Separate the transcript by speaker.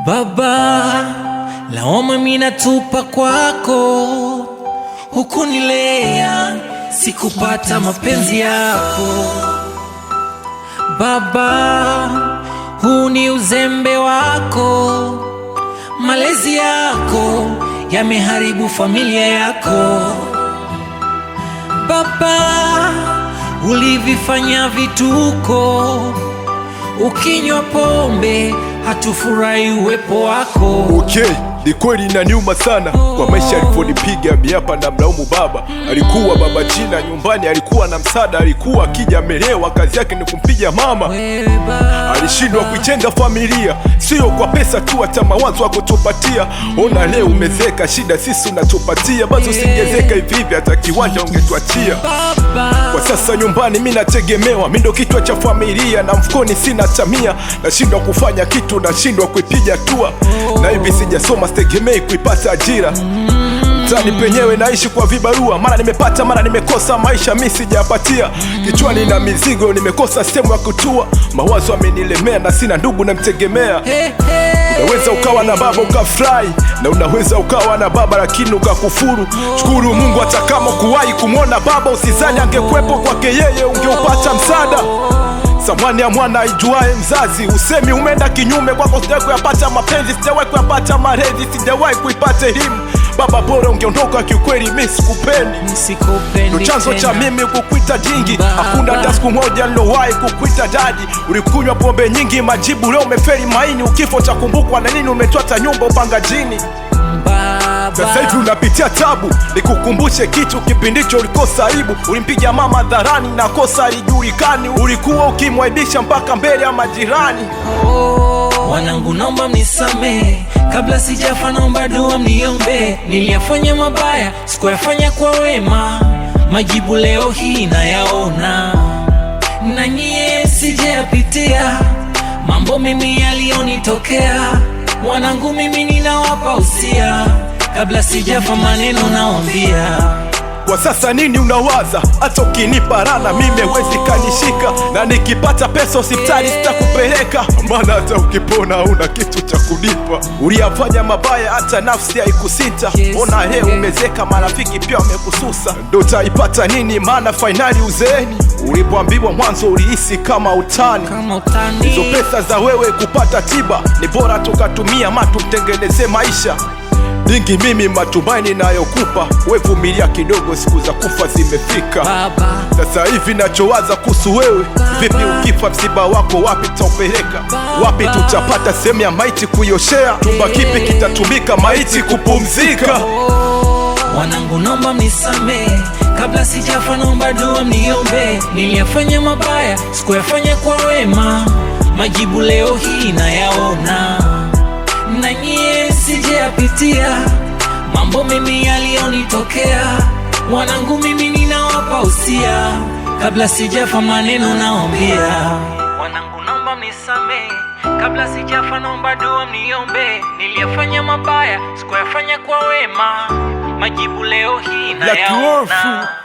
Speaker 1: Baba, lawama mimi natupa kwako, hukunilea sikupata mapenzi yako Baba, huu ni uzembe wako, malezi yako yameharibu familia yako Baba, ulivifanya vituko, ukinywa pombe hatufurahi uwepo wako
Speaker 2: okay ni kweli na nyuma sana kwa maisha alivyonipiga miapa na mlaumu baba. Alikuwa baba jina nyumbani, alikuwa na msaada, alikuwa akija amelewa, kazi yake ni kumpiga mama. Alishindwa kuijenga familia, sio kwa pesa tu, hata mawazo akotupatia. Ona leo umezeka, shida sisi unatupatia, basi usingezeka hivi hivi, hata kiwanja ungetuachia. Kwa sasa nyumbani mi nategemewa, mi ndo kichwa cha familia na mfukoni sina tamia, nashindwa kufanya kitu, nashindwa kuipiga hatua na hivi sijasoma wasitegemei kuipata ajira mtani penyewe naishi kwa vibarua, mara nimepata mara nimekosa, maisha mi sijapatia. Kichwani na mizigo, nimekosa sehemu ya kutua, mawazo amenilemea na sina ndugu namtegemea. Unaweza ukawa na baba ukafurahi, na unaweza ukawa na baba lakini ukakufuru. Shukuru Mungu, hata kama kuwahi kumwona baba, usizani angekwepo kwake yeye ungeupata msaada. Samani ya mwana ijuae mzazi, usemi umeenda kinyume kwako. sijawai kuyapata mapenzi, sijawai kuyapata marezi, sijawai kuipata elimu. Baba bora ungeondoka kiukweli, mi sikupendi. Ndo chanzo cha mimi kukwita jingi, hakuna hata siku moja nilowahi kukwita dadi. Ulikunywa pombe nyingi, majibu leo umeferi maini. Ukifo cha kumbukwa na nini? Umetwata nyumba upangajini sasa hivi unapitia tabu, nikukumbushe kitu, kipindicho ulikosa aibu, ulimpiga mama dharani na kosa lijulikani, ulikuwa ukimwaibisha mpaka mbele ya majirani.
Speaker 1: Oh, wanangu naomba mnisamee, kabla sijafa naomba dua mniombe, niliyafanya mabaya sikuyafanya kwa wema, majibu leo hii nayaona, na nyie sijayapitia mambo mimi yaliyonitokea, wanangu mimi ninawapa usia kabla sijafa maneno naombia
Speaker 2: kwa sasa nini unawaza? Hata ukinipa rana mime wezi kanishika, na nikipata pesa hospitali sitakupeleka, maana hata ukipona una kitu cha kunipa. Uliyafanya mabaya hata nafsi haikusita, ona he umezeka, marafiki pia wamekususa, ndo taipata nini? Maana fainali uzeeni. Ulipoambiwa mwanzo ulihisi kama utani, hizo pesa za wewe kupata tiba ni bora tukatumia, matu tumtengeneze maisha nyingi mimi matumaini nayokupa, we vumilia kidogo, siku za kufa zimefika. Sasa hivi nachowaza kuhusu wewe, vipi ukifa, msiba wako wapi tutaupeleka? Wapi tutapata sehemu ya maiti kuyoshea? Chumba kipi kitatumika maiti kupumzika? Oh.
Speaker 1: Wanangu nomba misame kabla sijafa nomba dua mniombe. Niliyafanya mabaya sikuyafanya kwa wema, majibu leo hii nayaona niliyoyapitia, mambo mimi yaliyonitokea, mwanangu mimi ninawapa usia, kabla sijafa maneno naombia. mwanangu, naomba mnisamehe, kabla sijafa naomba dua mniombe, niliyafanya mabaya sikuyafanya kwa wema, majibu leo hii nayaona.